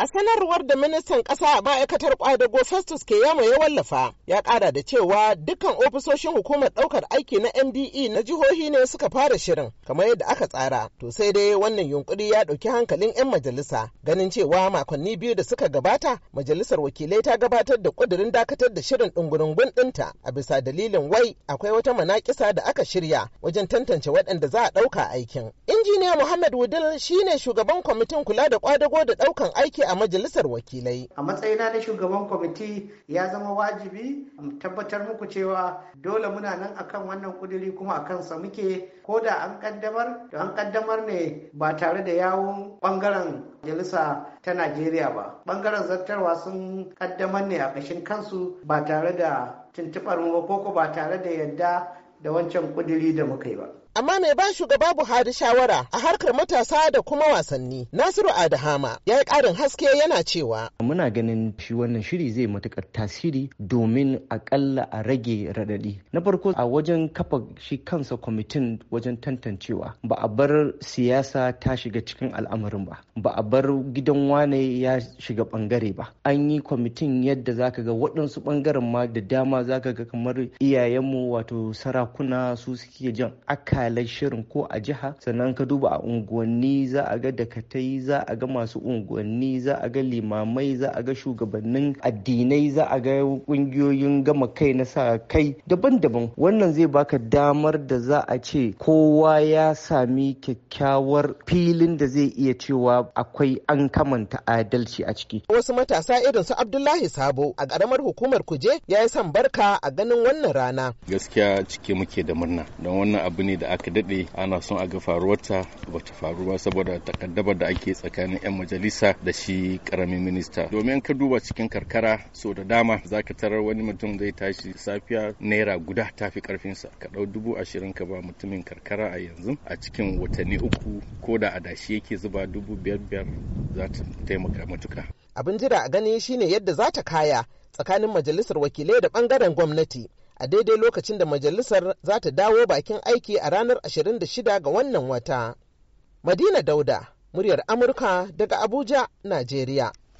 A sanarwar da ministan ƙasa a ma'aikatar kwadago Festus Keyamo ya wallafa ya ƙara da cewa dukkan ofisoshin hukumar ɗaukar aiki na MDE na jihohi ne suka fara shirin kamar yadda aka tsara. To sai dai wannan yunkuri ya ɗauki hankalin 'yan majalisa ganin cewa makonni biyu da suka gabata majalisar wakilai ta gabatar da ƙudurin dakatar da shirin ɗungurungun ɗinta a bisa dalilin wai akwai wata manaƙisa da aka shirya wajen tantance waɗanda za a ɗauka aikin. injiniya muhammad wudil ne shugaban kwamitin kula da kwadago da daukan aiki a majalisar wakilai a matsayina na shugaban kwamiti ya zama wajibi tabbatar muku cewa dole muna nan akan wannan kuduri kuma a kansa muke ko da an kaddamar da an kaddamar ne ba tare da yawon bangaren majalisa ta najeriya ba bangaren zartarwa sun kaddamar ne a ƙashin kansu ba tare da tuntuɓar mu ba ko ba tare da yadda da wancan kuduri da muka yi ba Amma mai ba shugaba Buhari shawara a harkar matasa da kuma wasanni Nasiru Adahama ya yi ƙarin haske yana cewa. Muna ganin shi wannan shiri zai matuƙar tasiri domin ƙalla a rage raɗaɗi. Na farko a wajen kafa shi kansa kwamitin wajen tantancewa ba a bar siyasa ta shiga cikin al'amarin ba ba a bar gidan wane ya shiga bangare ba an yi kwamitin yadda zaka ga waɗansu bangaren ma da dama zaka ga kamar iyayenmu wato sarakuna su suke jan aka akalar shirin ko a jiha sannan ka duba a unguwanni za a ga dakatai za a ga masu unguwanni za a ga limamai za a ga shugabannin addinai za a ga kungiyoyin gama kai na sa kai daban-daban wannan zai baka damar da za a ce kowa ya sami kyakkyawar filin da zai iya cewa akwai an kamanta adalci a ciki wasu matasa irin su abdullahi sabo a karamar hukumar kuje ya yi son barka a ganin wannan rana gaskiya cike muke da murna don wannan abu ne da da aka daɗe ana son a ga faruwarta ba ta faru ba saboda takaddabar da ake tsakanin 'yan majalisa da shi karamin minista domin ka duba cikin karkara so da dama za ka tarar wani mutum zai tashi safiya naira guda ta fi karfinsa ka dau dubu ashirin ka ba mutumin karkara a yanzu a cikin watanni uku ko da a adashi yake zuba dubu biyar biyar za ta taimaka matuka abin jira a gani shine yadda za ta kaya tsakanin majalisar wakilai da bangaren gwamnati a daidai lokacin da majalisar za ta dawo bakin aiki a ranar 26 ga wannan wata. Madina Dauda, muryar Amurka daga Abuja, Najeriya.